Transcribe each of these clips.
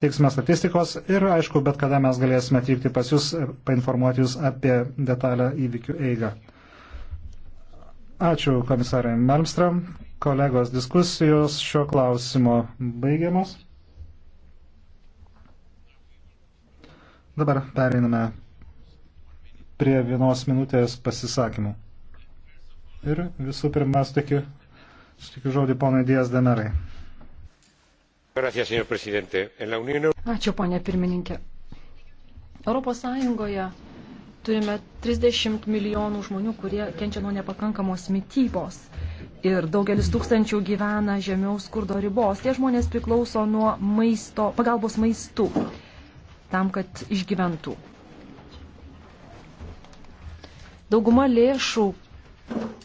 teiksime statistikos ir, aišku, bet kada mes galėsime atvykti pas Jūs, painformuoti Jūs apie detalę įvykių eigą. Ačiū komisarai Malmstram. Kolegos diskusijos šio klausimo baigiamos. Dabar pereiname prie vienos minutės pasisakymų. Ir visų pirma, sutikiu, sutikiu žodį ponai Dijas Demerai. Ačiū, ponė pirmininkė. Europos Sąjungoje turime 30 milijonų žmonių, kurie kenčia nuo nepakankamos mytybos. Ir daugelis tūkstančių gyvena žemiau skurdo ribos. Tie žmonės priklauso nuo maisto, pagalbos maistų tam, kad išgyventų. Dauguma lėšų,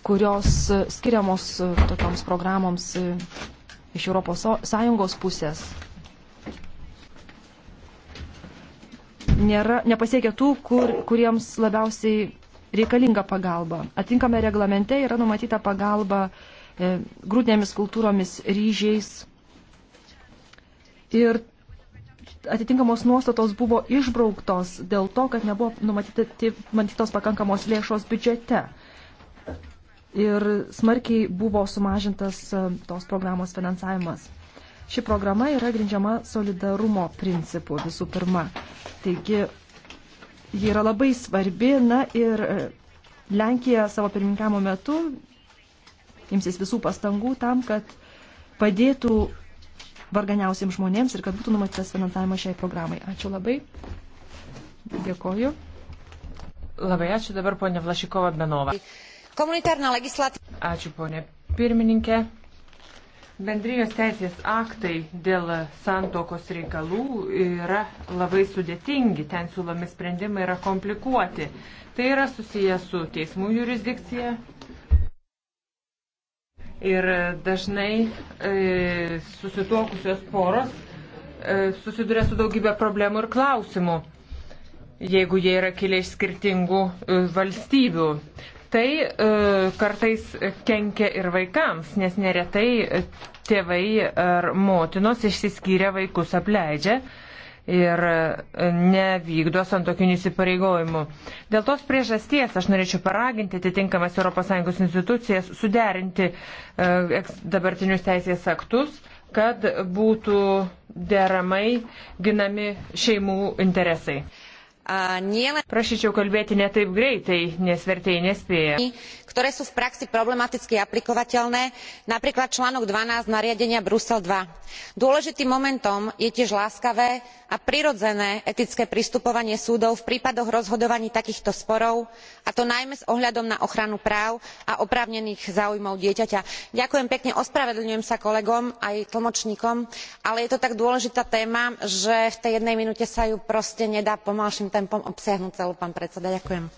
kurios skiriamos tokioms programoms iš ES pusės nėra, nepasiekia tų, kur, kuriems labiausiai reikalinga pagalba. Atinkame reglamente yra numatyta pagalba e, grūdinėmis kultūromis, ryžiais. Ir atitinkamos nuostatos buvo išbrauktos dėl to, kad nebuvo numatytos pakankamos lėšos biudžete ir smarkiai buvo sumažintas e, tos programos finansavimas. Ši programa yra grindžiama solidarumo principu visų pirma. Taigi, ji yra labai svarbi, na ir e, Lenkija savo pirmininkamo metu imsis visų pastangų tam, kad padėtų varganiausiems žmonėms ir kad būtų numatytas finansavimas šiai programai. Ačiū labai. Dėkoju. Labai ačiū dabar ponia Vlašikova Benova. Komunitárna legislatíva. Ačiū, ponė pirmininkė. Bendrijos teisės aktai dėl santokos reikalų yra labai sudėtingi, ten siūlomi sprendimai yra komplikuoti. Tai yra susijęs su teismų jurisdikcija. Ir dažnai e, susituokusios poros e, susiduria su daugybė problemų ir klausimų, jeigu jie yra kilę iš skirtingų e, valstybių tai e, kartais kenkia ir vaikams, nes neretai tėvai ar motinos išsiskyrę vaikus apleidžia ir e, nevykdo santokinių įsipareigojimų. Dėl tos priežasties aš norėčiau paraginti atitinkamas ES institucijas suderinti e, dabartinius teisės aktus, kad būtų deramai ginami šeimų interesai nielen... Prašyčiau kalbėti ne taip greitai, nes vertėjai nespėja. ...ktoré sú v praxi problematicky aplikovateľné, napríklad článok 12 nariadenia Brusel 2. Dôležitým momentom je tiež láskavé a prirodzené etické pristupovanie súdov v prípadoch rozhodovaní takýchto sporov, a to najmä s ohľadom na ochranu práv a oprávnených záujmov dieťaťa. Ďakujem pekne, ospravedlňujem sa kolegom aj tlmočníkom, ale je to tak dôležitá téma, že v tej jednej minúte sa ju proste nedá pomalším tempom obsiahnuť celú, pán predseda. Ďakujem.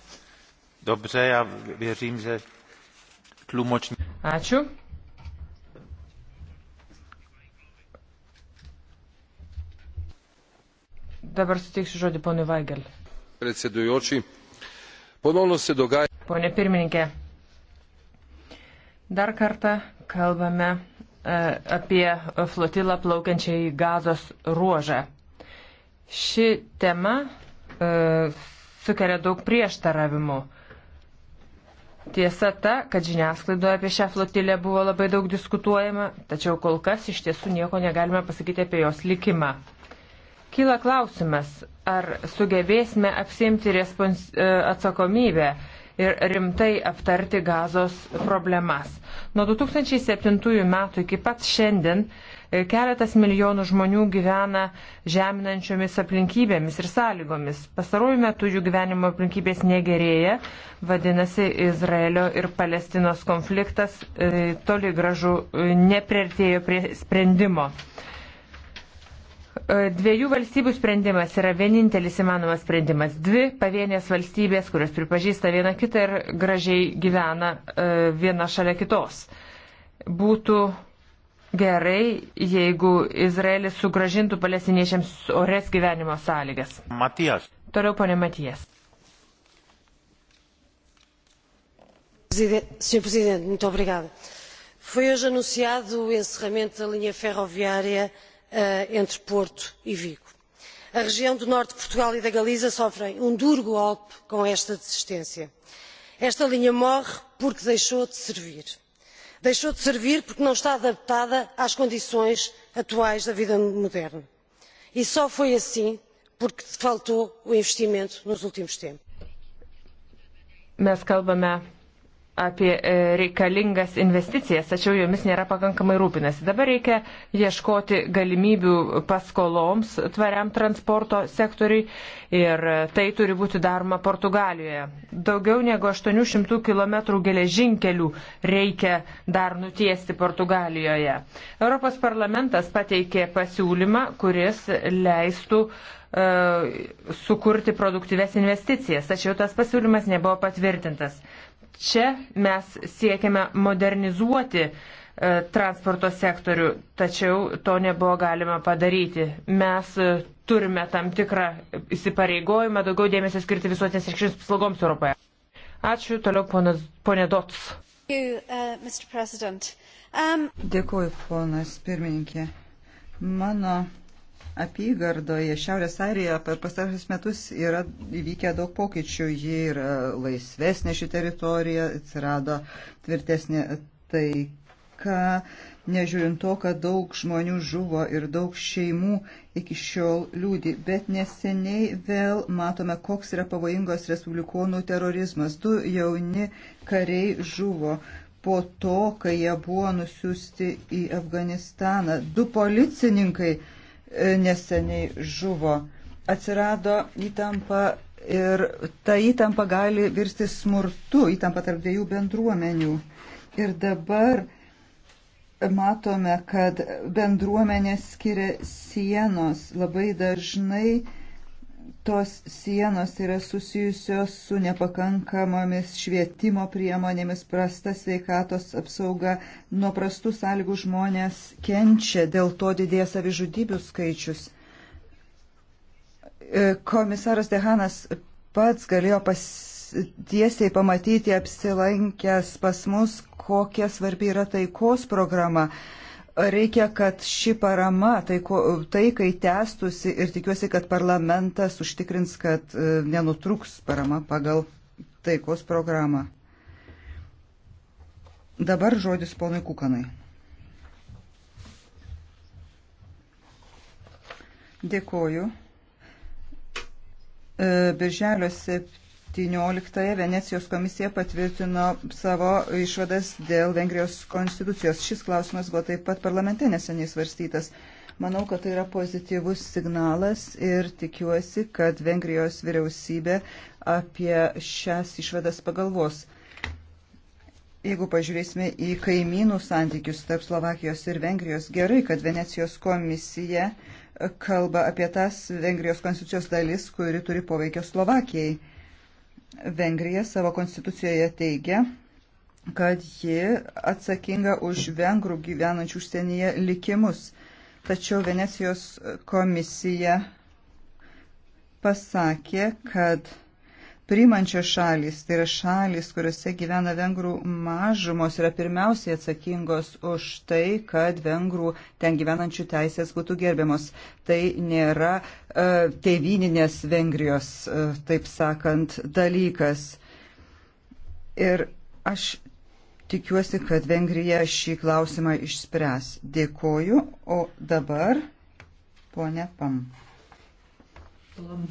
Dobře, ja věřím, že tlumočník. Ačiū. Dabar suteiksiu žodį ponui Vaigel. Pone pirmininkė, dar kartą kalbame e, apie flotilą plaukiančią į gazos ruožą. Ši tema E, sukelia daug prieštaravimų. Tiesa ta, kad žiniasklaidoje apie šią flotilę buvo labai daug diskutuojama, tačiau kol kas iš tiesų nieko negalime pasakyti apie jos likimą. Kyla klausimas, ar sugebėsime apsimti respons... E, atsakomybę ir rimtai aptarti gazos problemas. Nuo 2007 metų iki pat šiandien e, keletas milijonų žmonių gyvena žeminančiomis aplinkybėmis ir sąlygomis. Pastaruoju metu jų gyvenimo aplinkybės negerėja, vadinasi, Izraelio ir Palestinos konfliktas e, toli gražu e, neprieartėjo prie sprendimo. E, dviejų valstybių sprendimas yra vienintelis įmanomas sprendimas. Dvi pavienės valstybės, kurios pripažįsta vieną kitą ir gražiai gyvena e, viena šalia kitos. Būtų gerai, jeigu Izraelis sugražintų palestiniečiams ores gyvenimo sąlygas. Matijas. Toliau, ponė Matijas. Senhor Presidente, muito obrigada. Foi hoje anunciado o encerramento da linha ferroviária Eh, entre porto e vigo. a região do norte de portugal e da galiza sofre um duro golpe com esta desistência. esta linha morre porque deixou de servir. deixou de servir porque não está adaptada às condições atuais da vida moderna e só foi assim porque faltou o investimento nos últimos tempos. mes kalbame apie e, reikalingas investicijas, tačiau jomis nėra pakankamai rūpinasi. Dabar reikia ieškoti galimybių paskoloms tvariam transporto sektoriui ir e, tai turi būti daroma Portugalijoje. Daugiau negu 800 km geležinkelių reikia dar nutiesti Portugalijoje. Europos parlamentas pateikė pasiūlymą, kuris leistų e, sukurti produktyves investicijas, tačiau tas pasiūlymas nebuvo patvirtintas čia mes siekiame modernizuoti e, transporto sektorių, tačiau to nebuvo galima padaryti. Mes e, turime tam tikrą įsipareigojimą daugiau dėmesio skirti visuotinės reikšmės paslaugoms Europoje. Ačiū, toliau ponas, ponė Dots. Uh, um, Dėkuoju, ponas pirmininkė. Mano apygardoje Šiaurės Airija per pastarosius metus yra įvykę daug pokyčių. Ji yra laisvesnė ši teritorija, atsirado tvirtesnė taika, nežiūrint to, kad daug žmonių žuvo ir daug šeimų iki šiol liūdi. Bet neseniai vėl matome, koks yra pavojingos respublikonų terorizmas. Du jauni kariai žuvo po to, kai jie buvo nusiųsti į Afganistaną. Du policininkai neseniai žuvo. Atsirado įtampa ir ta įtampa gali virsti smurtu, įtampa tarp dviejų bendruomenių. Ir dabar matome, kad bendruomenė skiria sienos labai dažnai tos sienos yra susijusios su nepakankamomis švietimo priemonėmis, prasta sveikatos apsauga, nuo prastų sąlygų žmonės kenčia, dėl to didėja savižudybių skaičius. E, komisaras Dehanas pats galėjo pas, tiesiai pamatyti apsilankęs pas mus, kokia svarbi yra taikos programa. Uh, Reikia, kad ši parama tai taikai tęstusi ir tikiuosi, kad parlamentas užtikrins, kad e, nenutruks parama pagal taikos programą. Dabar žodis ponui Kukanai. Dėkoju. E, birželio 7. 17 Venecijos komisija patvirtino savo išvadas dėl Vengrijos konstitucijos. Šis klausimas buvo taip pat parlamente neseniai svarstytas. Manau, kad tai yra pozityvus signalas ir tikiuosi, kad Vengrijos vyriausybė apie šias išvadas pagalvos. Jeigu pažiūrėsime į kaimynų santykius tarp Slovakijos ir Vengrijos, gerai, kad Venecijos komisija kalba apie tas Vengrijos konstitucijos dalis, kuri turi poveikio Slovakijai. Vengrija savo konstitucijoje teigia, kad ji atsakinga už vengrų gyvenančių užsienyje likimus. Tačiau Venecijos komisija pasakė, kad priimančios šalys, tai yra šalys, kuriuose gyvena vengrų mažumos, yra pirmiausiai atsakingos už tai, kad vengrų ten gyvenančių teisės būtų gerbiamos. Tai nėra uh, tėvyninės Vengrijos, uh, taip sakant, dalykas. Ir aš tikiuosi, kad Vengrija šį klausimą išspręs. Dėkoju, o dabar ponia Pam. Plum.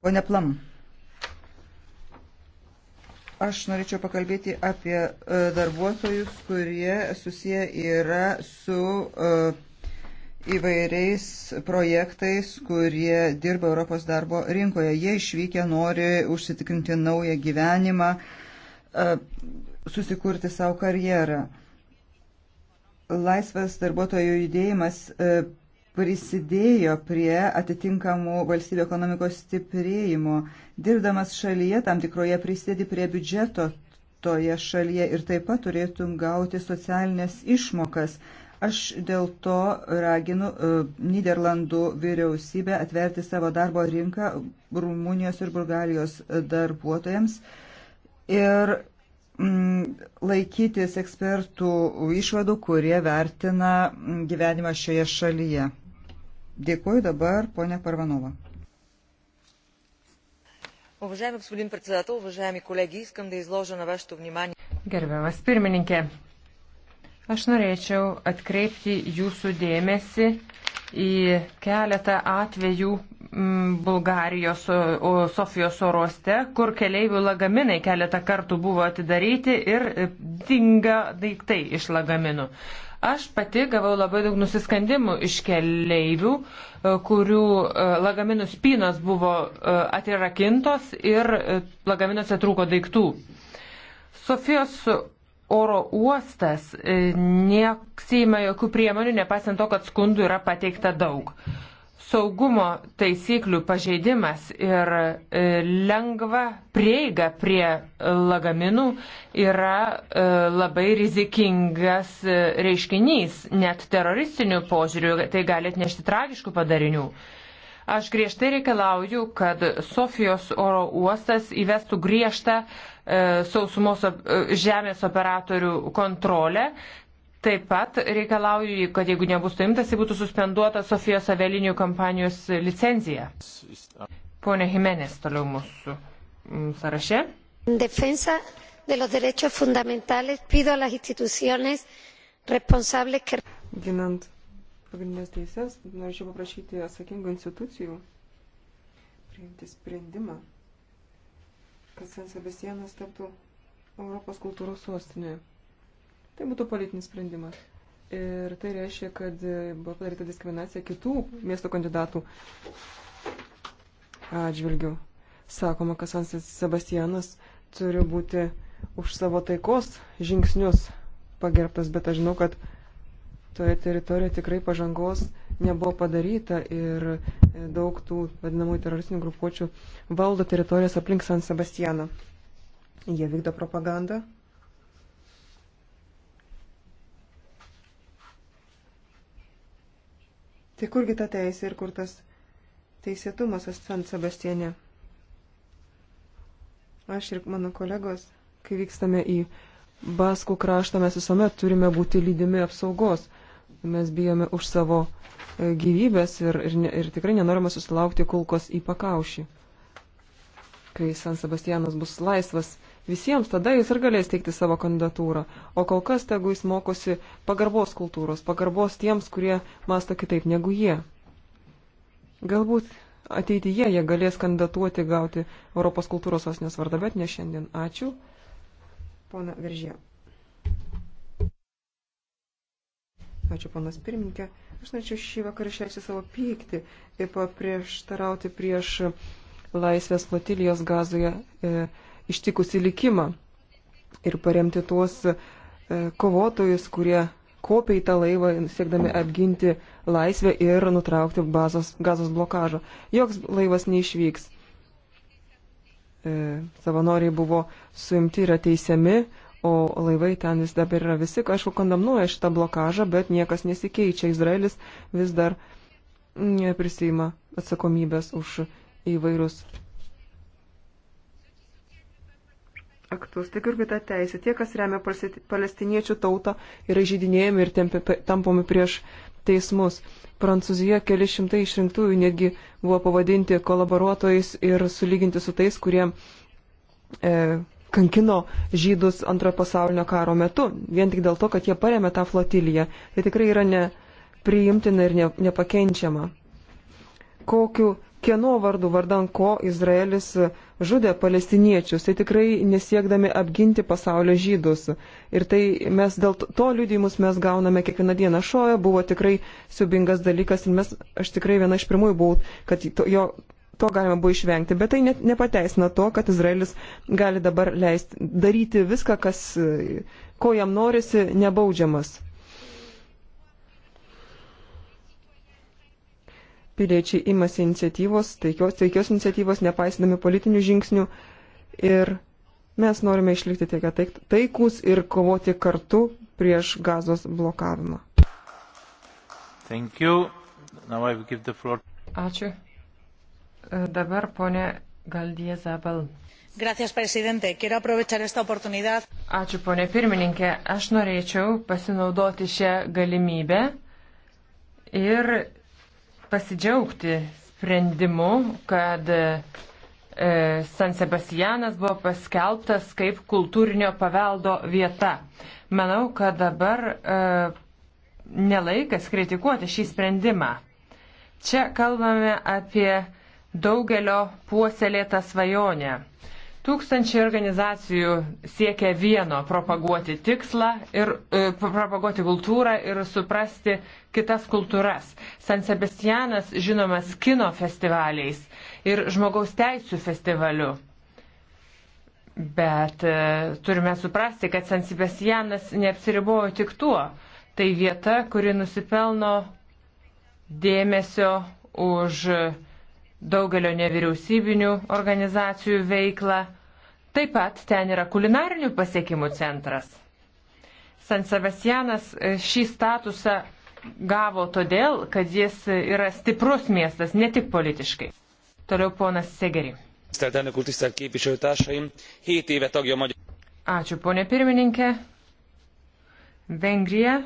Pone Plam. Aš norėčiau pakalbėti apie e, darbuotojus, kurie susiję yra su e, įvairiais projektais, kurie dirba Europos darbo rinkoje. Jie išvykę nori užsitikrinti naują gyvenimą, e, susikurti savo karjerą. Laisvas darbuotojų judėjimas prisidėjo prie atitinkamų valstybių ekonomikos stiprėjimo. Dirbdamas šalyje tam tikroje prisidedi prie biudžeto toje šalyje ir taip pat turėtum gauti socialinės išmokas. Aš dėl to raginu uh, Niderlandų vyriausybę atverti savo darbo rinką Rumunijos ir Bulgarijos darbuotojams ir mm, laikytis ekspertų išvadų, kurie vertina gyvenimą šioje šalyje. Dėkuoju dabar, ponia Parvanova. Уважаеми господин председател, уважаеми колеги, искам да изложа на вашето внимание. Gerbiamas pirmininkė, aš norėčiau atkreipti jūsų dėmesį į keletą atvejų mm, Bulgarijos Sofijos oroste, kur keleivių lagaminai keletą kartų buvo atidaryti ir e, dinga daiktai iš lagaminų. Aš pati gavau labai daug nusiskandimų iš keleivių, e, kurių e, lagaminų spynos buvo e, atrirakintos ir lagaminuose trūko daiktų. Sofijos oro uostas neksima jokių priemonių, nepaisant to, kad skundų yra pateikta daug saugumo taisyklių pažeidimas ir e, lengva prieiga prie e, lagaminų yra e, labai rizikingas reiškinys, net teroristiniu požiūriu tai gali atnešti tragiškų padarinių. Aš griežtai reikalauju, kad Sofijos oro uostas įvestų griežtą sausumos žemės operatorių kontrolę, Taip pat reikalauju, kad jeigu nebus suimtas, tai būtų suspenduota Sofijos avialinijų kompanijos licencija. Pone Jimenez, toliau mūsų mm, sąraše. Defensa de los derechos fundamentales pido a las instituciones responsables que. Ginant pagrindinės teises, norėčiau paprašyti atsakingų institucijų priimti sprendimą, kad San Sebastianas taptų Europos kultūros sostinė. Tai būtų politinis sprendimas. Ir tai reiškia, kad buvo padaryta diskriminacija kitų miesto kandidatų atžvilgių. Sakoma, kad Sansis Sebastianas turi būti už savo taikos žingsnius pagerbtas, bet aš žinau, kad toje teritorijoje tikrai pažangos nebuvo padaryta ir daug tų vadinamųjų teroristinių grupuočių valdo teritorijas aplink San Sebastianą. Jie vykdo propagandą, Tai kurgi ta teisė ir kur tas teisėtumas San Sebastiane? Aš ir mano kolegos, kai vykstame į Baskų kraštą, mes visuomet turime būti lydimi apsaugos. Mes bijome už savo e, gyvybės ir, ir, ir tikrai nenorime susilaukti kulkos į pakaušį. Kai San Sebastianas bus laisvas, visiems, tada jis ir galės teikti savo kandidatūrą. O kol kas tegu jis mokosi pagarbos kultūros, pagarbos tiems, kurie masta kitaip negu jie. Galbūt ateityje jie galės kandidatuoti, gauti Europos kultūros sostinės vardą, bet ne šiandien. Ačiū. Pona Viržė. Ačiū, ponas pirmininkė. Aš norėčiau šį vakarą išreikšti savo pyktį ir paprieštarauti prieš laisvės flotilijos gazoje. E, ištikusi likimą ir paremti tuos e, kovotojus, kurie kopia į tą laivą, siekdami apginti laisvę ir nutraukti bazos, gazos blokažą. Joks laivas neišvyks. E, savanoriai buvo suimti ir ateisiami, o laivai ten vis dabar yra visi, aišku, kondamnuoja šitą blokažą, bet niekas nesikeičia. Izraelis vis dar mm, prisima atsakomybės už įvairius aktus, tiek ir kita teisė. Tie, kas remia palestiniečių tautą, yra žydinėjami ir tempi, tampomi prieš teismus. Prancūzija keli šimtai išrinktųjų netgi buvo pavadinti kolaboruotojais ir sulyginti su tais, kurie e, kankino žydus antrojo pasaulinio karo metu, vien tik dėl to, kad jie paremė tą flotiliją. Tai tikrai yra nepriimtina ir ne, nepakenčiama. Kokiu kieno vardu vardan ko Izraelis žudė palestiniečius, tai tikrai nesiekdami apginti pasaulio žydus. Ir tai mes dėl to liudijimus mes gauname kiekvieną dieną. Šoja buvo tikrai siubingas dalykas ir mes, aš tikrai viena iš pirmųjų buvau, kad to, jo, to galima buvo išvengti. Bet tai net nepateisina to, kad Izraelis gali dabar leisti daryti viską, kas, ko jam norisi, nebaudžiamas. piliečiai imasi iniciatyvos, taikios, taikios iniciatyvos, nepaisydami politinių žingsnių. Ir mes norime išlikti tiek taikus ir kovoti kartu prieš gazos blokavimą. Ačiū. E, dabar ponė Galdie Zabal. Gracias, presidente. Quiero aprovechar esta oportunidad. Ačiū, ponė pirmininkė. Aš norėčiau pasinaudoti šią galimybę ir pasidžiaugti sprendimu, kad e, San Sebastianas buvo paskelbtas kaip kultūrinio paveldo vieta. Manau, kad dabar e, nelaikas kritikuoti šį sprendimą. Čia kalbame apie daugelio puoselėtą svajonę. Tūkstančiai organizacijų siekia vieno - propaguoti tikslą ir e, propaguoti kultūrą ir suprasti kitas kultūras. San Sebastianas žinomas kino festivaliais ir žmogaus teisų festivaliu. Bet e, turime suprasti, kad San Sebastianas neapsiribojo tik tuo. Tai vieta, kuri nusipelno dėmesio už. E, daugelio nevyriausybinių organizacijų veiklą. Taip pat ten yra kulinarinių pasiekimų centras. San Sebastianas e, šį statusą gavo todėl, kad jis yra stiprus miestas, ne tik politiškai. Toliau ponas Segeri. Ačiū, ponė pirmininkė. Vengrija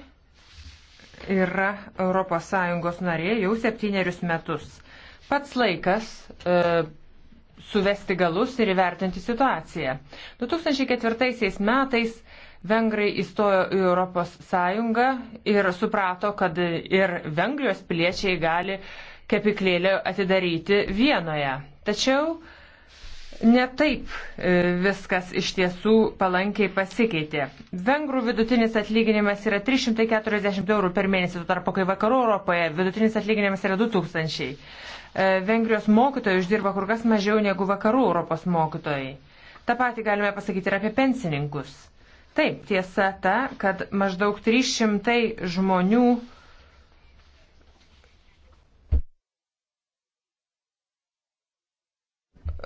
yra ES narė jau septynerius metus. Pats laikas e, suvesti galus ir įvertinti situaciją. 2004 metais Vengrai įstojo į Europos Sąjungą ir suprato, kad ir Vengrijos piliečiai gali kepiklėlę atidaryti vienoje. Tačiau Netaip e, viskas iš tiesų palankiai pasikeitė. Vengrų vidutinis atlyginimas yra 340 eurų per mėnesį, tuo tarpu kai vakarų Europoje vidutinis atlyginimas yra 2000. E, Vengrijos mokytojai uždirba kur kas mažiau negu vakarų Europos mokytojai. Ta pati galime pasakyti ir apie pensininkus. Taip, tiesa ta, kad maždaug 300 žmonių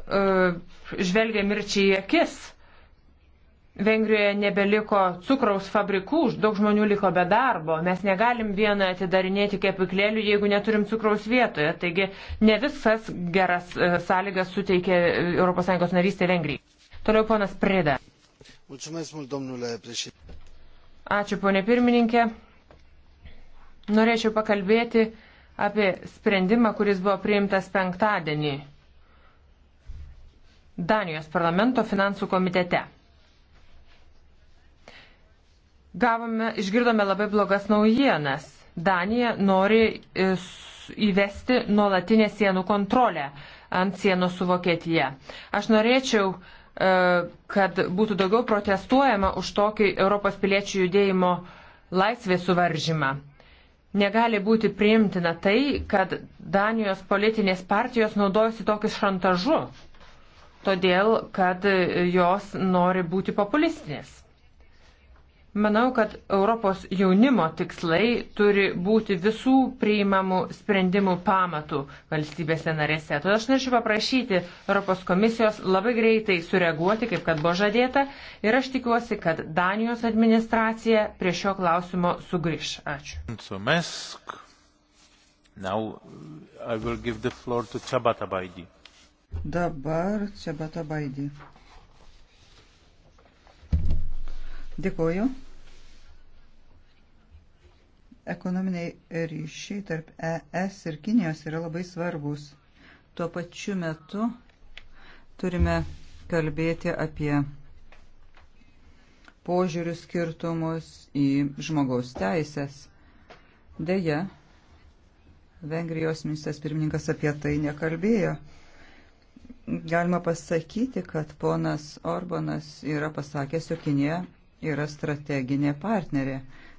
E, žvelgia mirčiai į akis. Vengrijoje nebeliko cukraus fabrikų, daug žmonių liko be darbo. Mes negalim vieną atidarinėti kepiklėlių, jeigu neturim cukraus vietoje. Taigi ne visas geras e, sąlygas suteikė ES narystė Vengrijai. Toliau ponas Prida. Ačiū, ponė pirmininkė. Norėčiau pakalbėti apie sprendimą, kuris buvo priimtas penktadienį. Danijos parlamento finansų komitete. Gavome, išgirdome labai blogas naujienas. Danija nori e, įvesti nuolatinę sienų kontrolę ant sienos su Vokietija. Aš norėčiau, e, kad būtų daugiau protestuojama už tokį Europos piliečių judėjimo laisvės suvaržymą. Negali būti priimtina tai, kad Danijos politinės partijos naudojasi tokiu šantažu todėl kad jos nori būti populistinės. Manau, kad Europos jaunimo tikslai turi būti visų priimamų sprendimų pamatų valstybėse narėse. Todėl aš norėčiau paprašyti Europos komisijos labai greitai sureaguoti, kaip kad buvo žadėta, ir aš tikiuosi, kad Danijos administracija prie šio klausimo sugrįž. Ačiū. Now I will give the floor to Chabatabaidi. Dabar čia bata baidį. Dėkoju. Ekonominiai ryšiai tarp ES ir Kinijos yra labai svarbus. Tuo pačiu metu turime kalbėti apie požiūrių skirtumus į žmogaus teisės. Deja, Vengrijos ministras pirmininkas apie tai nekalbėjo galima pasakyti, kad ponas Orbanas yra pasakęs, jog Kinė yra strateginė partnerė.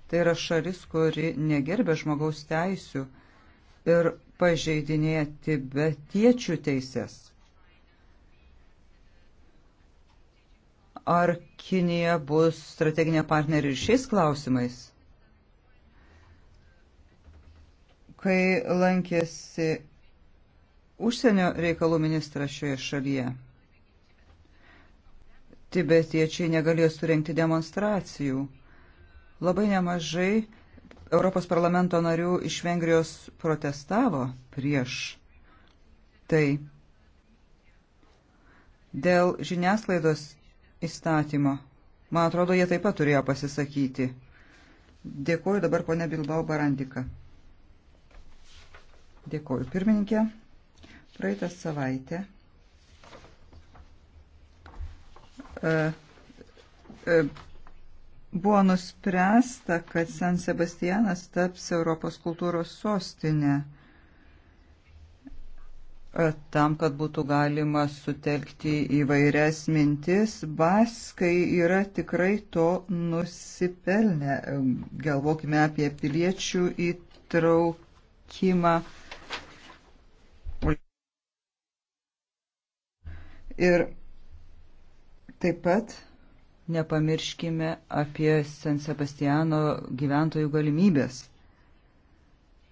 Tai yra šalis, kuri negerbė žmogaus teisių ir pažeidinėja tibetiečių teises. Ar Kinija bus strateginė partnerė ir šiais klausimais? Kai lankėsi užsienio reikalų ministras šioje šalyje. Tibetiečiai negalėjo surenkti demonstracijų. Labai nemažai Europos parlamento narių iš Vengrijos protestavo prieš tai. Dėl žiniasklaidos įstatymo, man atrodo, jie taip pat turėjo pasisakyti. Dėkuoju dabar ponia Bilbao Barandika. Dėkuoju pirmininkė. Praeitą savaitę e, e, buvo nuspręsta, kad San Sebastianas taps Europos kultūros sostinė e, tam, kad būtų galima sutelkti įvairias mintis, baskai yra tikrai to nusipelnę. Galvokime apie piliečių įtraukimą, Ir taip pat nepamirškime apie San Sebastiano gyventojų galimybės.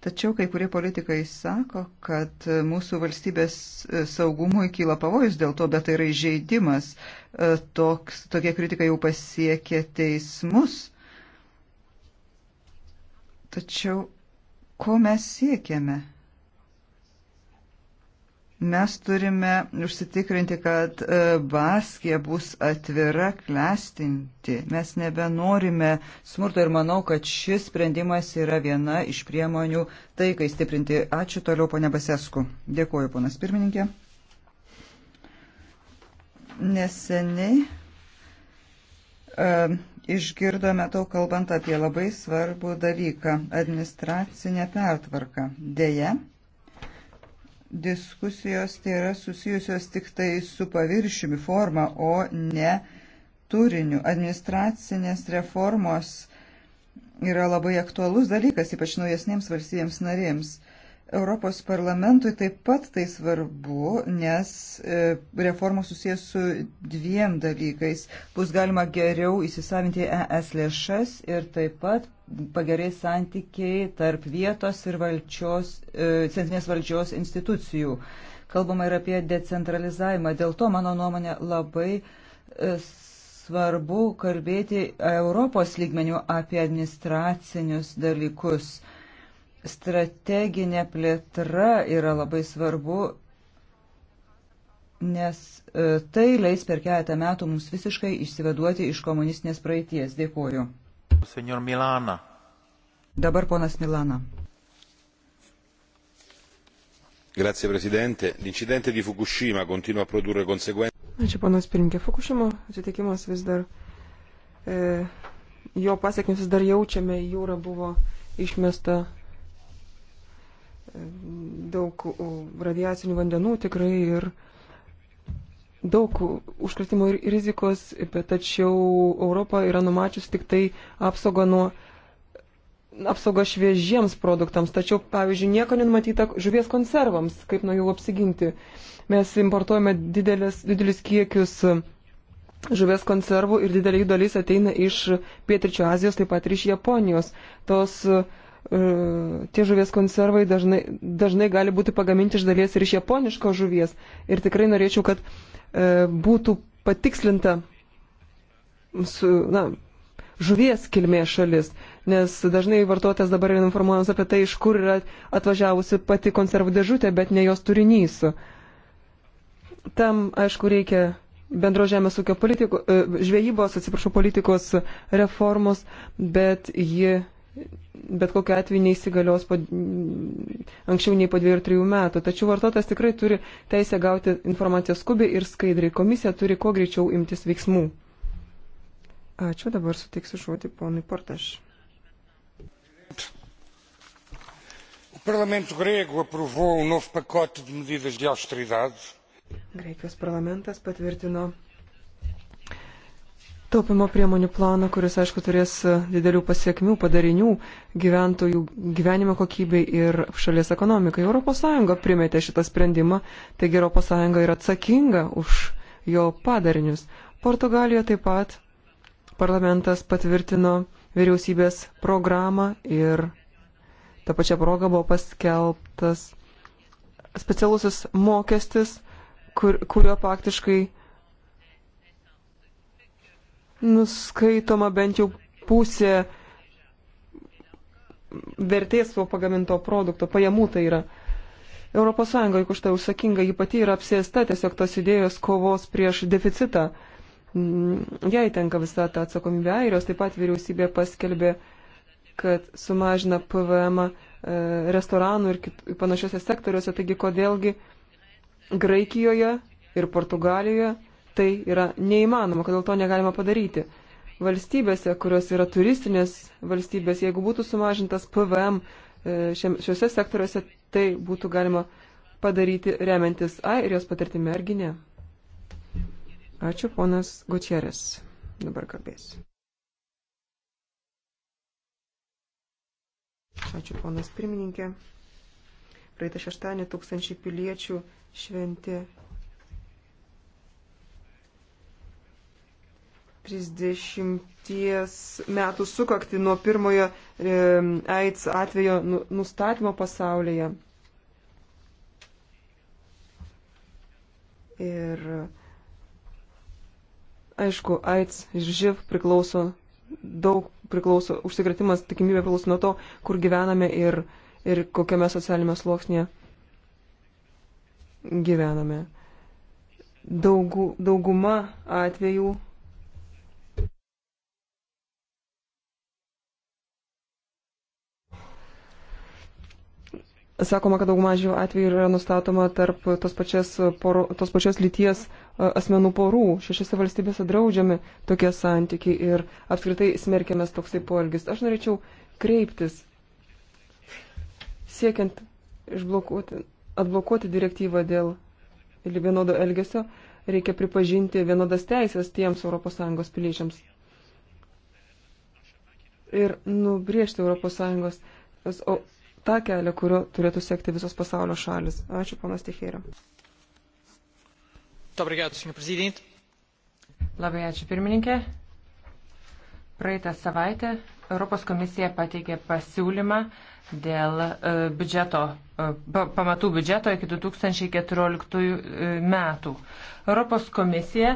Tačiau kai kurie politikai sako, kad mūsų valstybės e, saugumui kyla pavojus dėl to, bet tai yra įžeidimas. E, toks, tokie kritikai jau pasiekė teismus. Tačiau ko mes siekiame? mes turime užsitikrinti, kad e, Baskija bus atvira klestinti. Mes nebenorime smurto ir manau, kad šis sprendimas yra viena iš priemonių taikai stiprinti. Ačiū toliau, ponė Basesku. Dėkuoju, ponas pirmininkė. Neseniai e, išgirdome tau kalbant apie labai svarbų dalyką - administracinę pertvarką. Deja, diskusijos tai yra susijusios tik tai su paviršiumi forma, o ne turiniu. Administracinės reformos yra labai aktualus dalykas, ypač naujesnėms valstybėms narėms. Europos parlamentui taip pat tai svarbu, nes e, reformos susijęs su dviem dalykais. Bus galima geriau įsisavinti ES lėšas ir taip pat pagerės santykiai tarp vietos ir valdžios, e, centrinės valdžios institucijų. Kalbama ir apie decentralizavimą. Dėl to, mano nuomonė, labai e, svarbu kalbėti Europos lygmenių apie administracinius dalykus strateginė plėtra yra labai svarbu, nes e, tai leis per keletą metų mums visiškai išsivaduoti iš komunistinės praeities. Dėkuoju. Senor Milana. Dabar ponas Milana. Grazie Presidente. L'incidente di Fukushima continua a produrre conseguenze. Ačiū ponas Pirinkė. Fukushima atsitikimas vis dar, e, jo pasiekmes vis dar jaučiame, jūra buvo išmesta daug radiacinių vandenų tikrai ir daug užkretimo rizikos, bet tačiau Europa yra numačius tik tai apsaugą nuo apsauga šviežiems produktams, tačiau, pavyzdžiui, nieko nenumatyta žuvies konservams, kaip nuo jų apsiginti. Mes importuojame didelis, didelis kiekius žuvies konservų ir didelė jų dalis ateina iš Pietričio Azijos, taip pat ir iš Japonijos. Tos uh, E, tie žuvies konservai dažnai, dažnai gali būti pagaminti iš dalies ir iš japoniško žuvies. Ir tikrai norėčiau, kad e, būtų patikslinta su, na, žuvies kilmės šalis, nes dažnai vartotojas dabar yra informuojamas apie tai, iš kur yra atvažiavusi pati konservų dėžutė, bet ne jos turinys. Tam, aišku, reikia bendro žemės ūkio politikų, e, žvejybos, atsiprašau, politikos reformos, bet ji bet kokiu atveju neįsigalios po, anksčiau nei po dviejų ar trijų metų. Tačiau vartotojas tikrai turi teisę gauti informaciją skubiai ir skaidriai. Komisija turi kuo greičiau imtis veiksmų. Ačiū, dabar suteiksiu žodį ponui Portaš. Graikijos parlamentas patvirtino taupimo priemonių planą, kuris, aišku, turės e, didelių pasiekmių, padarinių gyventojų gyvenimo kokybei ir šalies ekonomikai. ES primėtė šitą sprendimą, taigi ES yra atsakinga už jo padarinius. Portugalijoje taip pat parlamentas patvirtino vyriausybės programą ir tą pačią progą buvo paskelbtas specialusis mokestis, kur, kurio faktiškai nuskaitoma bent jau pusė vertės to pagaminto produkto, pajamų tai yra. ES, juk už tai užsakinga, ji pati yra apsėsta tiesiog tos idėjos kovos prieš deficitą. Mm, jai tenka visą tą atsakomybę. Airijos taip pat vyriausybė paskelbė, kad sumažina PVM e, restoranų ir kit, panašiose sektoriuose. Taigi kodėlgi Graikijoje ir Portugalijoje tai yra neįmanoma, kodėl to negalima padaryti. Valstybėse, kurios yra turistinės valstybės, jeigu būtų sumažintas PVM e, šiuose sektoriuose, tai būtų galima padaryti remiantis Airijos patirtimi argi ne. Ačiū, ponas Gutierrez. Dabar kalbės. Ačiū, ponas pirmininkė. Praeitą šeštąjį tūkstančiai piliečių šventė 30 metų sukakti nuo pirmojo e, AIDS atvejo nu, nustatymo pasaulyje. Ir aišku, AIDS ir živ priklauso daug priklauso, užsikratimas tikimybė priklauso nuo to, kur gyvename ir, ir kokiame socialinėme sluoksnėje gyvename. Daug, dauguma atvejų sakoma, kad dauguma šių atvejų yra nustatoma tarp tos pačios, poro, tos pačios lyties e, asmenų porų. Šešiose valstybėse draudžiami tokie santykiai ir apskritai smerkiamės toksai poelgis. Aš norėčiau kreiptis, siekiant išblokuoti, atblokuoti direktyvą dėl vienodo elgesio, reikia pripažinti vienodas teisės tiems ES piliečiams. Ir nubriežti ES tą kelią, kuriuo turėtų sekti visos pasaulio šalis. Ačiū, panas Tichėra. Labai ačiū, pirmininkė. Praeitą savaitę Europos komisija pateikė pasiūlymą dėl e, biudžeto, e, pamatų biudžeto iki 2014 metų. Europos komisija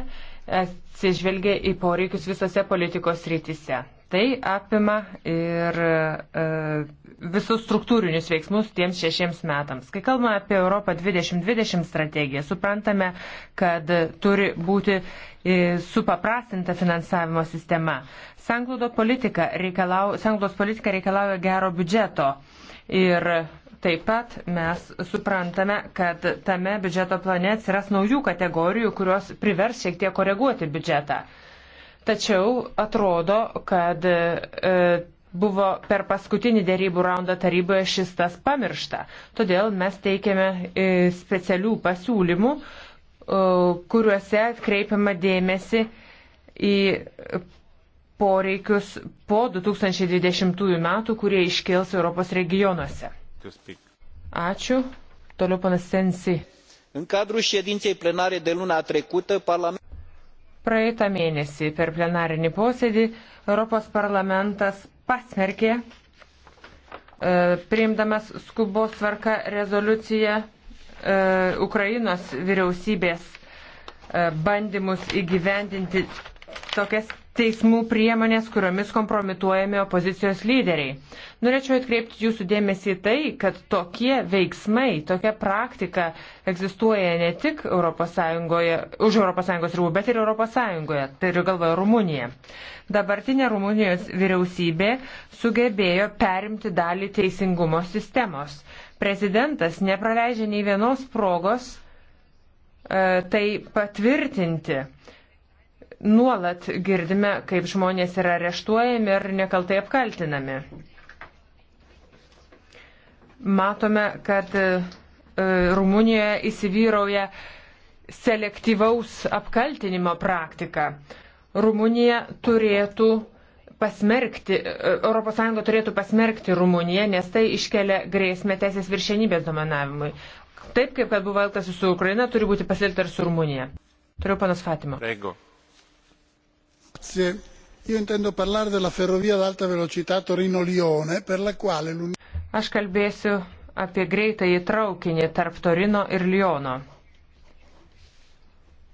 atsižvelgia į poreikius visose politikos rytise. Tai apima ir e, visus struktūrinius veiksmus tiems šešiems metams. Kai kalbame apie Europą 2020 strategiją, suprantame, kad turi būti e, supaprastinta finansavimo sistema. Sanglaudos politika, reikalau, politika reikalauja gero biudžeto ir Taip pat mes suprantame, kad tame biudžeto plane atsiras naujų kategorijų, kurios privers šiek tiek koreguoti biudžetą. Tačiau atrodo, kad e, buvo per paskutinį dėrybų raundą taryboje šis tas pamiršta. Todėl mes teikiame e, specialių pasiūlymų, e, kuriuose atkreipiama dėmesį į poreikius po 2020 metų, kurie iškils Europos regionuose. Ačiū. Toliau panas Sensi. În cadrul ședinței plenare de luna trecută, Parlamentul. Praeitą mėnesį per plenarinį posėdį Europos parlamentas pasmerkė, e, priimdamas skubos tvarka rezoliuciją e, Ukrainos vyriausybės e, bandymus įgyvendinti tokias teismų priemonės, kuriomis kompromituojami opozicijos lyderiai. Norėčiau atkreipti jūsų dėmesį į tai, kad tokie veiksmai, tokia praktika egzistuoja ne tik ES, už ES ribų, bet ir ES, tai ir galvoja Rumunija. Dabartinė Rumunijos vyriausybė sugebėjo perimti dalį teisingumo sistemos. Prezidentas nepraleidžia nei vienos progos e, tai patvirtinti nuolat girdime, kaip žmonės yra areštuojami ir nekaltai apkaltinami. Matome, kad e, Rumunijoje įsivyrauja selektyvaus apkaltinimo praktika. Rumunija turėtų pasmerkti, ES turėtų pasmerkti Rumuniją, nes tai iškelia grėsmę teisės viršenybės dominavimui. Taip kaip kad buvo elgtasi su Ukraina, turi būti pasilgta ir su Rumunija. Turiu panas Fatimą. Reigo grazie io intendo parlare della ferrovia ad alta velocità Torino Lione per la quale l'Unione Aš kalbėsiu apie greitąjį traukinį tarp Torino ir Liono.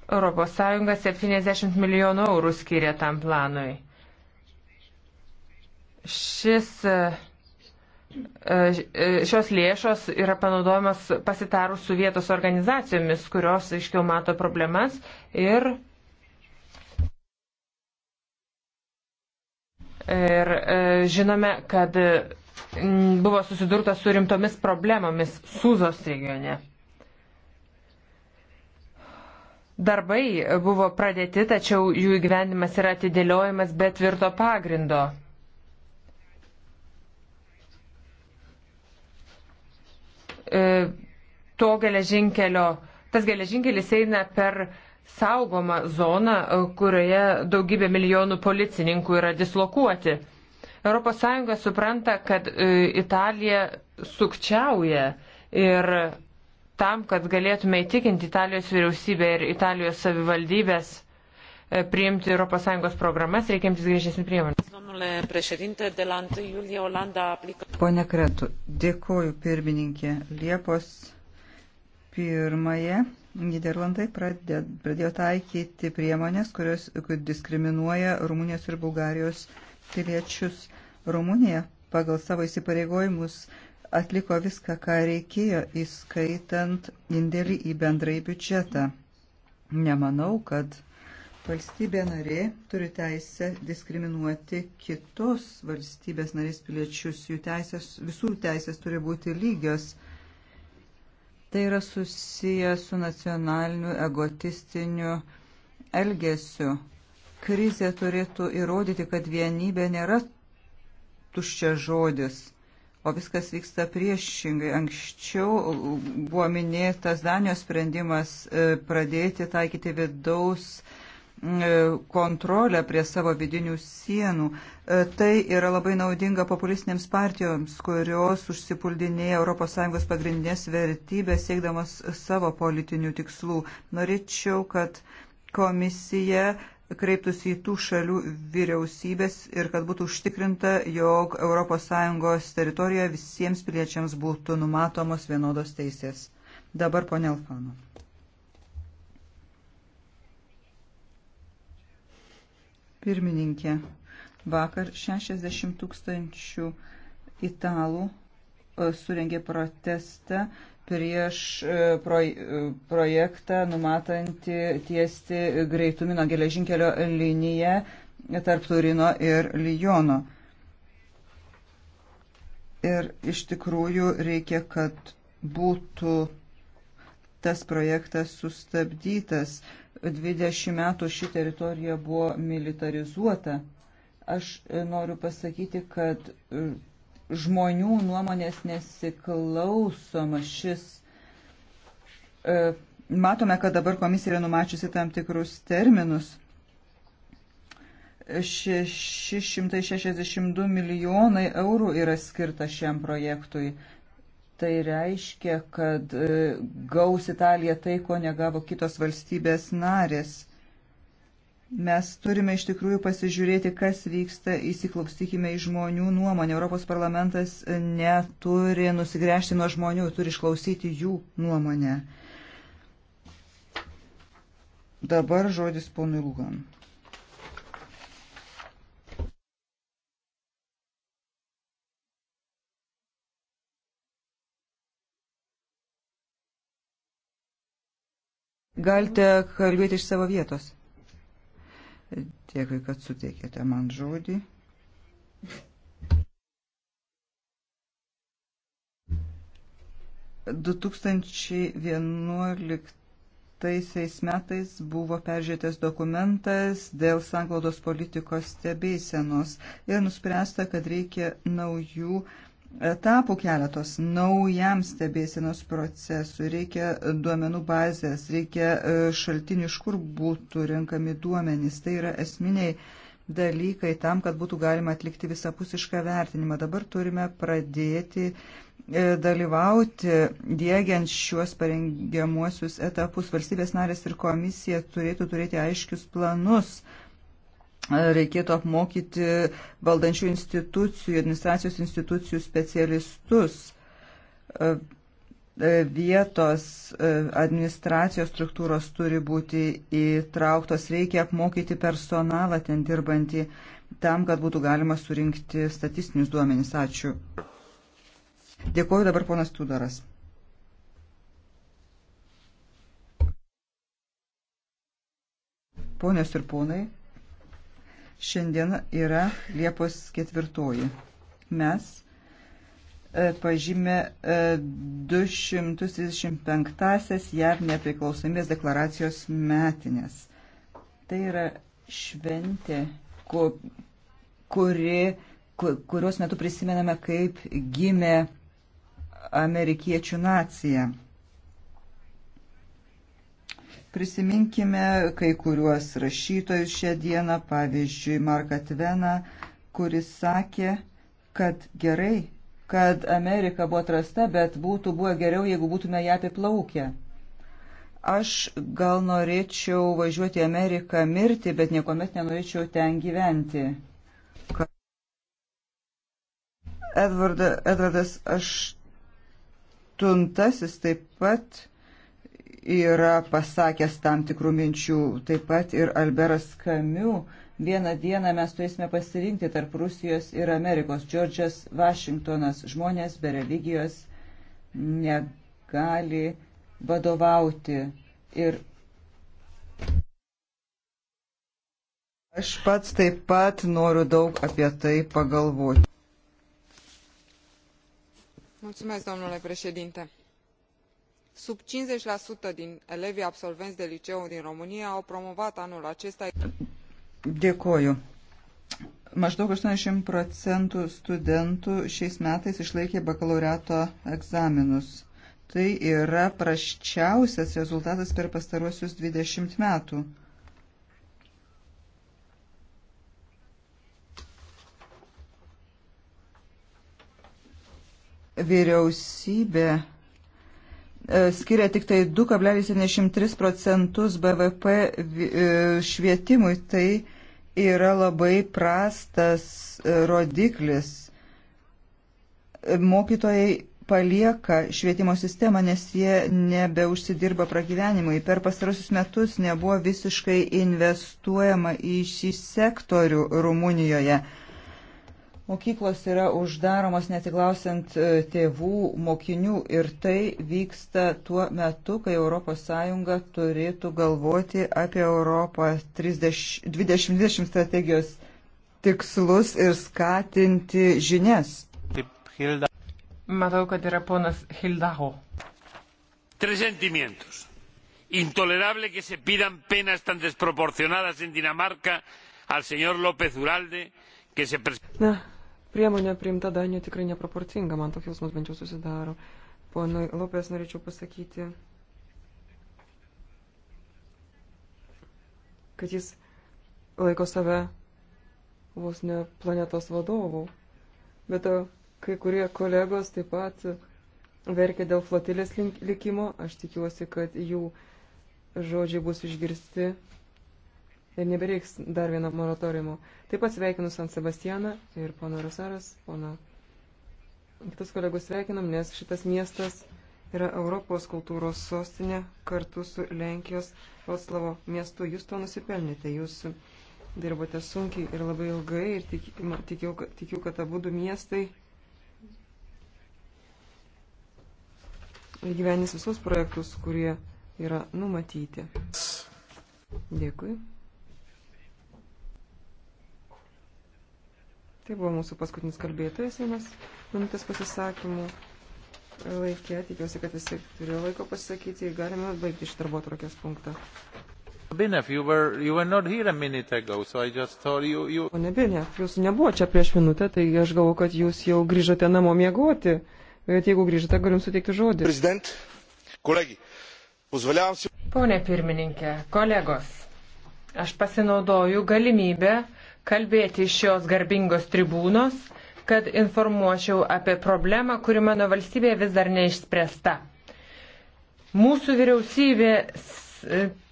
ES 70 milijonų eurų skiria tam planui. Šis, e, e, šios lėšos yra panaudojamas pasitarus su vietos organizacijomis, kurios aiškiau mato problemas ir Ir e, žinome, kad buvo susidurta su rimtomis problemomis Suzos regione. Darbai buvo pradėti, tačiau jų įgyvendimas yra atidėliojimas be tvirto pagrindo. E, to geležinkelio, tas geležinkelis eina per saugomą zoną, e, kurioje daugybė milijonų policininkų yra dislokuoti. ES supranta, kad e, Italija sukčiauja ir tam, kad galėtume įtikinti Italijos vyriausybę ir Italijos savivaldybės e, priimti ES programas, reikia imtis griežtesnių priemonių. Pone Kretu, dėkoju pirmininkė Liepos pirmąją. Niderlandai pradėjo taikyti priemonės, kurios diskriminuoja Rumunijos ir Bulgarijos piliečius. Rumunija pagal savo įsipareigojimus atliko viską, ką reikėjo, įskaitant indėlį į bendrąjį biudžetą. Nemanau, kad valstybė narė turi teisę diskriminuoti kitos valstybės narės piliečius. Jų teisės, visų teisės turi būti lygios. Tai yra susiję su nacionaliniu egotistiniu elgesiu. Krizė turėtų įrodyti, kad vienybė nėra tuščia žodis, o viskas vyksta priešingai. Anksčiau buvo minėtas Danijos sprendimas e, pradėti taikyti vidaus E, kontrolę prie savo vidinių sienų. E, tai yra labai naudinga populistinėms partijoms, kurios užsipuldinėja ES pagrindinės vertybės siekdamas savo politinių tikslų. Norėčiau, kad komisija kreiptųsi į tų šalių vyriausybės ir kad būtų užtikrinta, jog ES teritorijoje visiems piliečiams būtų numatomos vienodos teisės. Dabar ponė Alfano. pirmininkė. Vakar 60 tūkstančių italų e, surengė protestą prieš e, e, projektą numatantį tiesti greitumino geležinkelio liniją tarp Turino ir Lijono. Ir iš tikrųjų reikia, kad būtų tas projektas sustabdytas. 20 metų ši teritorija buvo militarizuota. Aš e, noriu pasakyti, kad e, žmonių nuomonės nesiklausoma šis. E, matome, kad dabar komisija yra numačiusi tam tikrus terminus. 662 milijonai eurų yra skirta šiam projektui. Tai reiškia, kad e, gaus Italija tai, ko negavo kitos valstybės narės. Mes turime iš tikrųjų pasižiūrėti, kas vyksta, įsiklausykime į žmonių nuomonę. Europos parlamentas neturi nusigręžti nuo žmonių, turi išklausyti jų nuomonę. Dabar žodis ponui Lugan. Galite kalbėti iš savo vietos. Dėkui, kad suteikėte man žodį. Du tūkstančiai vienuolikt Taisiais metais buvo peržiūrėtas dokumentas dėl sanglaudos politikos stebėsenos ir nuspręsta, kad reikia naujų uh, etapų keletos naujam stebėsienos procesui. Reikia duomenų bazės, reikia e, šaltinių, iš kur būtų renkami duomenys. Tai yra esminiai dalykai tam, kad būtų galima atlikti visapusišką vertinimą. Dabar turime pradėti e, dalyvauti dėgiant šiuos parengiamuosius etapus. Valstybės narės ir komisija turėtų turėti aiškius planus reikėtų apmokyti valdančių institucijų, administracijos institucijų specialistus e, e, vietos e, administracijos struktūros turi būti įtrauktos, reikia apmokyti personalą ten dirbantį tam, kad būtų galima surinkti statistinius duomenys. Ačiū. Dėkuoju dabar ponas Tudoras. Ponios ir ponai. Šiandien yra Liepos ketvirtoji. Mes e, pažymė 235-asias e, JAV nepriklausomybės deklaracijos metinės. Tai yra šventė, kuri, kurios metu prisimename, kaip gimė amerikiečių nacija. Prisiminkime kai kuriuos rašytojus šią dieną, pavyzdžiui, Marką Tveną, kuris sakė, kad gerai, kad Amerika buvo atrasta, bet būtų buvę geriau, jeigu būtume ją apiplaukę. Aš gal norėčiau važiuoti į Ameriką mirti, bet niekuomet nenorėčiau ten gyventi. Edvardas Aštuntasis taip pat yra pasakęs tam tikrų minčių, taip pat ir Alberas Kamiu. Vieną dieną mes turėsime pasirinkti tarp Rusijos ir Amerikos. Džordžas Vašingtonas žmonės be religijos negali vadovauti. Ir aš pats taip pat noriu daug apie tai pagalvoti. Mulțumesc, domnule președinte sub cincizeci din elevii absolvenți de liceu din românia au promovat anul acesta Dėkoju. Maždaug 80 procentų studentų šiais metais išlaikė bakalaureato egzaminus. Tai yra praščiausias rezultatas per pastaruosius 20 metų. Vyriausybė E, skiria tik tai 2,73 procentus BVP e, švietimui, tai yra labai prastas e, rodiklis. Mokytojai palieka švietimo sistemą, nes jie nebeužsidirba pragyvenimui. Per pastarosius metus nebuvo visiškai investuojama į šį sektorių Rumunijoje. Mokyklos yra uždaromos netiklausiant e, tėvų, mokinių ir tai vyksta tuo metu, kai ES turėtų galvoti apie Europą 30, 2020 strategijos tikslus ir skatinti žinias. Taip, Hilda. Matau, kad yra ponas Hildaho. Tres sentimientos. Intolerable que se pidan penas tan desproporcionadas en Dinamarca al señor López Uralde, que se presentó priemonė priimta Danija tikrai neproporcinga, man toks jausmas bent jau susidaro. Ponui Lopės norėčiau pasakyti, kad jis laiko save vos ne planetos vadovų, bet e, kai kurie kolegos taip pat verkia dėl flotilės likimo, aš tikiuosi, kad jų žodžiai bus išgirsti ir nebereiks dar vieno moratoriumo. Taip pat sveikinu San Sebastianą ir pono Rosaras, pono kitus kolegus sveikinam, nes šitas miestas yra Europos kultūros sostinė kartu su Lenkijos Vroclavo miestu. Jūs to nusipelnėte, jūs dirbote sunkiai ir labai ilgai ir tikiu, tikiu kad abu du miestai įgyvenys visus projektus, kurie yra numatyti. Dėkui. Tai buvo mūsų paskutinis kalbėtojas, vienas minutės pasisakymų laikė. Tikiuosi, kad visi turėjo laiko pasisakyti ir galime baigti šį darbo trokės punktą. Binev, you were, you were not here a minute ago, so I just thought you... you... Pone Binev, jūs nebuvo čia prieš minutę, tai aš galvoju, kad jūs jau grįžote namo miegoti. Bet jeigu grįžote, galim suteikti žodį. Prezident, kolegi, pozvaliausiu. Pone pirmininkė, kolegos, aš pasinaudoju galimybę kalbėti iš šios garbingos tribūnos, kad informuočiau apie problemą, kuri mano valstybėje vis dar neišspręsta. Mūsų vyriausybė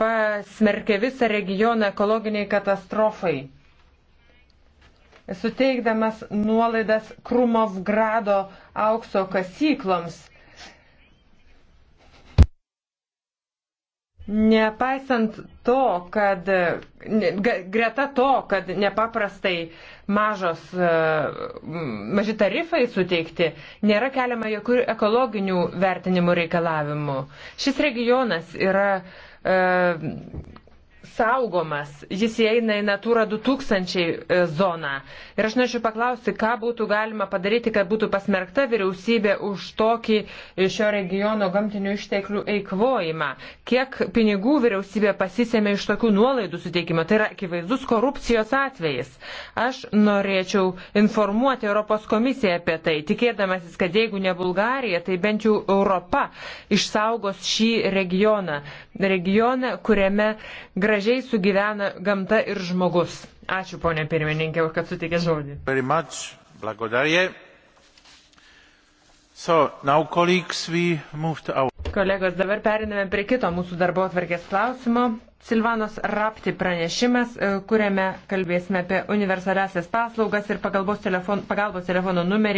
pasmerkė visą regioną ekologiniai katastrofai, suteikdamas nuolaidas Krumovgrado aukso kasykloms Nepaisant to, kad greta to, kad nepaprastai mažos, e, maži tarifai suteikti, nėra keliama jokių ekologinių vertinimų reikalavimų. Šis regionas yra e, saugomas, jis įeina į Natūra 2000 e, zoną. Ir aš norėčiau paklausti, ką būtų galima padaryti, kad būtų pasmerkta vyriausybė už tokį šio regiono gamtinių išteklių eikvojimą. Kiek pinigų vyriausybė pasisėmė iš tokių nuolaidų suteikimo, tai yra akivaizdus korupcijos atvejis. Aš norėčiau informuoti Europos komisiją apie tai, tikėdamasis, kad jeigu ne Bulgarija, tai bent jau Europa išsaugos šį regioną. Regioną, kuriame grai gražiai sugyvena gamta ir žmogus. Ačiū, ponė pirmininkė, kad sutikė žodį. So, our... Kolegos, dabar periname prie kito mūsų darbo atvarkės klausimo. Silvanos Rapti pranešimas, e, kuriame kalbėsime apie universaliasias paslaugas ir pagalbos telefonų telefon, numerį.